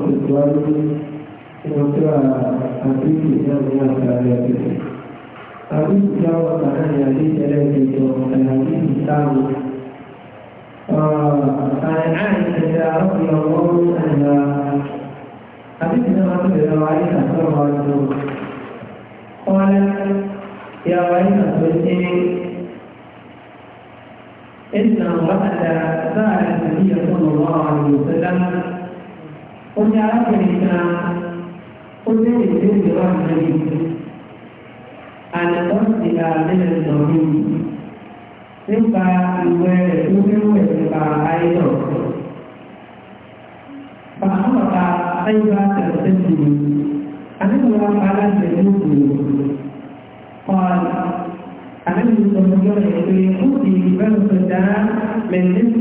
sexual en otra actriz que se llama otra diabetes. A mí me llamo a la niña kita. teléfono, en la niña de Estado. A kita niña de la niña de la niña A mí me llamo a la niña de la niña de la Hola, ya voy a hacer إن الله تعالى سأل النبي ó ní arábìnrin kan ó ní èdè ìjọba àmàlẹ́ àlẹ́kọ́ sí àlẹ́ lọ́rùn nípa ìwé rẹ̀ tó níwẹ̀ nípa ayélujára. Fàánàkà ayélujára tẹ̀sẹ̀ sí i, àníwá aláṣẹ ló kù. Kọ́ọ̀lù, àníwá sọ̀rọ̀ yọ̀rọ̀ ìpè ó di ìbẹ́rù sọ̀dá mẹ́lẹ́sì.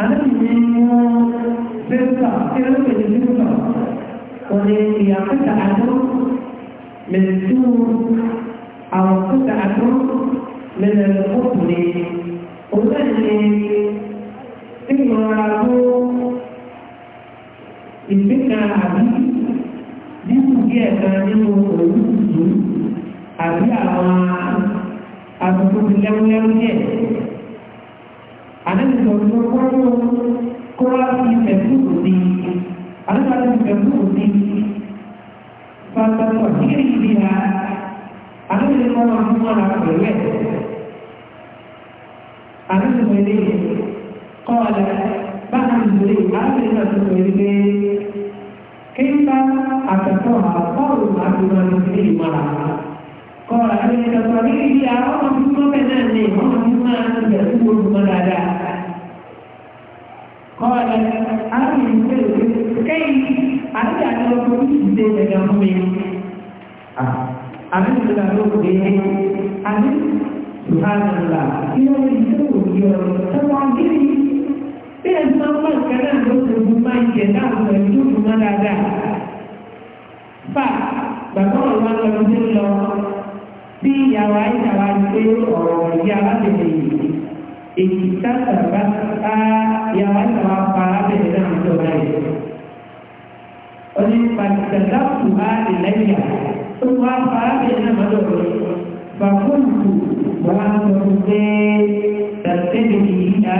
أنهم سيطة كلمة سيطة قطعة من السور أو قطعة من القطن وذلك تمرض ìgbéga àbí nínú bí ẹ̀ka nínú òun ìlú àbí àwọn àbúkú lẹ́wọ́lẹ́wọ́ díẹ̀ àdéhùn ìtọ́jú kóró kó wá sí ìfẹ̀kú òdi àdéhùn àti ìfẹ̀kú òdi pàtàkì kíkiri ìdí ha àdéhùn ìtọ́jú kóró fún wọn àwọn ìwé àdéhùn ìwé kọ́ọ̀lá bákan ìwé àdéhùn ìtọ́jú ìwé kéńtà àtẹ̀kọ́ àpáwò àdéhùn ìwé ìmọ̀ràn kọ́ra àti ìdàgbà ní ìdí àwọn ọmọ fífọ́ bẹ́ẹ̀ náà ni, ìwọ́n ọmọ fífọ́ náà ti bẹ̀rẹ̀ fún olùkọ́ dáadáa. kọ́ra àti ìdílé kẹ́yìn àti àjọ ọkọ̀ ìdílé ẹ̀dá fún mi. àmì ìdílé àlọ́kọ̀ yẹn àmì ìfàdàlà ilé ìdílé òbí ọ̀rọ̀ tẹ́wọ́ àgbélé bí ẹ̀ sọ fún ìkẹ́ náà ló ti mú máa ń jẹ Si yang lain dalam teori yang ini, kita terbatas yang lain dalam para pendeta misionaris. Oleh pada dalam dua nilainya, dua para pendeta misionaris, bangun tu bangun tu dan sebenarnya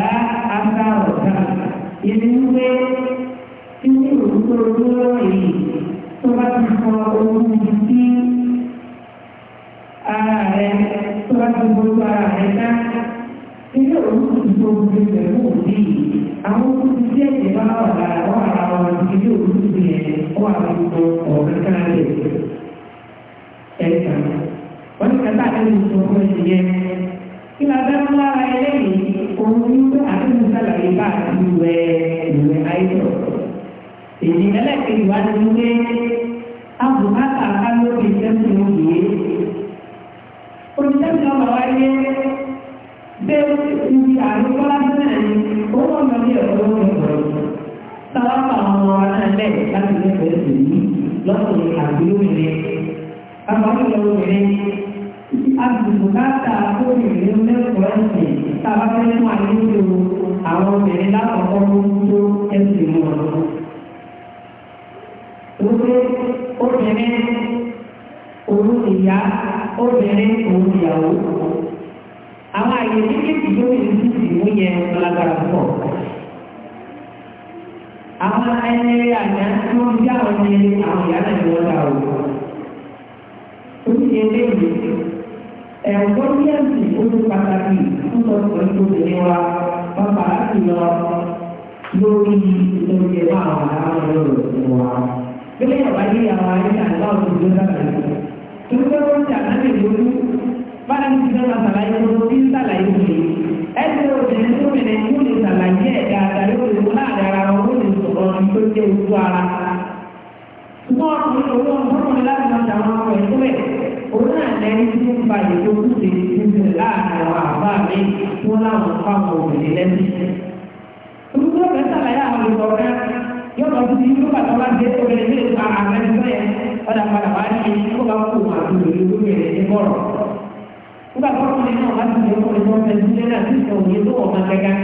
ada orang ini tu ini untuk orang ini, tuan tuan orang bá ti gbogbo ara rẹ̀ dá ilé òun ti gbogbo pẹ̀lú òbí àwọn òkúti tí ẹ̀jẹ̀ bá wà lára wà ara wọn ilé òun ti yẹn wà gbogbo ọ̀rẹ́ káàlẹ̀ ẹ̀ka wọ́n ti kàtà ẹ̀jẹ̀ tó fún ẹ̀jẹ̀ yẹn kí la bá ń lára ẹlẹ́yìn òun ní pé àtúntò sàlàyé bá àti ìwẹ̀ ìwẹ̀ àìsàn èyí ẹlẹ́kẹ̀ẹ́ ìwádìí wípé àbùkátà ká ló fi sẹ́kùn òye ọ̀nà wáyé dé ibi àdúgbò láti náà ni ó wọ́n lọ bí ẹ̀kọ́ ló ń bọ̀ sábà pa àwọn ọmọ wa náà lẹ̀ láti lè fẹ́ sí i lọ́sọ̀rọ̀ àbí lómìnir àwọn ọmọ lómìnir àbùkù káàtà lómìnir lẹ́kọ̀ọ́ ẹ̀sìn sábà fẹ́ fún àyíkò obìnrin òun ìyàwó àwọn àyè méjèèjì tó ní ìlú ti mú yẹn lágbára pọ̀ àwọn ẹni àná tí wọ́n já wọn ní àwọn ìyá náà ni wọ́n dá o ó ti yẹ léèrè ẹ̀wọ́n ní ẹ̀sìn ó ti pàtàkì fún ọ̀sán ìgbòmìnira wa bàbá láti lọ lórí lórí ẹ̀rọ àwọn àwọn ọ̀rọ̀ ìwà. Bí lẹ́yìn yé àwọn ayé àgbà òṣèlú dábàá torí pé wọ́n ti ànábì lórí bára ti fẹ́ máa ṣàlàyé wọn tí ń ṣàlàyé òkè ẹgbẹ́ obìnrin tó bẹ̀rẹ̀ yóò lè ṣàlàyé ẹ̀ dáadáa yóò lè wọ́n láàrin ara wọn yóò lè sọ̀rọ̀ ní tó jẹ́ ojú ara. ṣùgbọ́n ọkùnrin owó ọgbọ́n láti máa ṣàwọn ọmọ ẹ̀ tó bẹ̀ òun náà lẹ́ni tí ó ń ba ètò òkúté ìpínlẹ̀ láàrin àwọn àbá mi tí wọ́n láwọn fáwọn òbí lẹ́nu. olùkọ́ fẹ́ ṣàlàyé àwọn olùkọ́ náà yóò lọ sí ibi tó bàtà wá dé obìnrin pẹ̀lú gómìnà ní mọ̀rọ̀. nígbà tó kọ́ni náà wá sí ọkùnrin tó ń bẹ sílé náà sí ìṣẹ̀ òye tó wọ̀ máa gẹ́gá.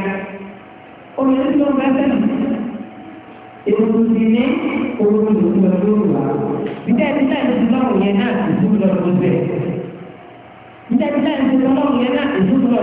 obìnrin tó ń bẹ sẹ́nu. èrò ti ní orúkọ ìlú ọdún wa. bíjá ibi náà ti lọ́rùn yẹn náà ti tún lọ lọ bẹ̀. bíjá ibi náà ti lọ́rùn yẹn náà ti tún lọ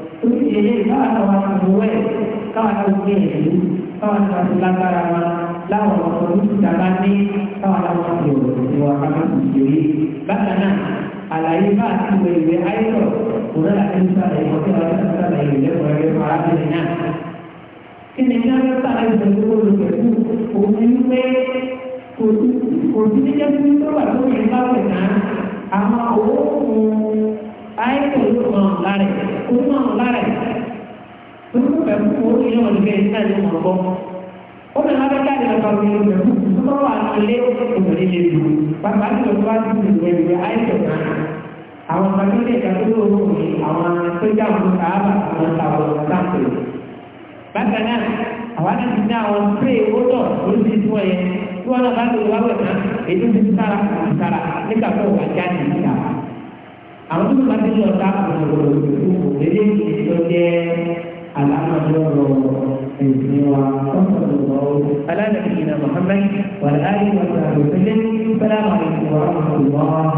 torí ìdílé káwọn àwọn àbúwẹ̀ káwọn àwọn òkè ìlú káwọn àwọn àti lágbára wa láwọn ọ̀pọ̀ olùsíta bá ní káwọn àwọn àti òkè wa káwọn kò sí orí bákan náà àlàyé bá a ti wẹ̀ ìwé ayọ̀ òun náà ti ń sàlàyé ọ̀kẹ́ wa ti ń sàlàyé ìlẹ́kọ̀ọ́rẹ́ arábìnrin náà kí ni ká ló sàlàyé ìdòwò olùkẹ́kù òun ni wípé kò sí ní jẹ́ fún tó wà lórí ìbáwẹ̀ náà àwọn òwò òun ayé tó yóò máa ń lára ẹ̀ kó máa ń lára ẹ̀ tó ń bẹ̀ fún owó yẹn wọ́n ti bẹ̀rẹ̀ náà ló mọ̀ bọ́ ó bẹ̀rẹ̀ lábẹ́ jáde lọ́pọ̀ àwọn ènìyàn bẹ̀rẹ̀ fún tó wà nílé obìnrin lè lò bàbá tí o bá ti lò ẹ̀ lò ayé tó náà àwọn gbàgbọ́dẹ̀ ìgbàgbọ́ yóò rò ní àwọn tó já wọn àwọn tàwọn sáàpù bákan náà àwọn àti ní àwọn pé owó náà ló tó ẹ tí wọn náà bá lò wá náà èyí tó ti sára sára nígbà tó wà jáde níta àwọn tó bá ti ọ̀tá àgbọ̀dọ̀ òkú èdè ìṣèjọ jẹ́ alámọ̀jọ́ ẹ̀sìn wa aláàbẹ̀kìnnà Muhammad wàlá àyè wàlá àlùfẹ́lẹ́ fẹ́lá àwọn ìṣòwò àwọn ìṣòwò